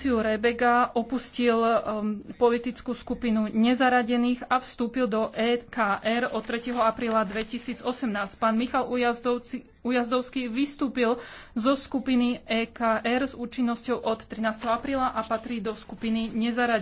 Ciu Rebega opustil um, politickú skupinu nezaradených a vstúpil do EKR od 3. apríla 2018. Pán Michal Ujazdovci, Ujazdovský vystúpil zo skupiny EKR s účinnosťou od 13. apríla a patrí do skupiny nezaradených.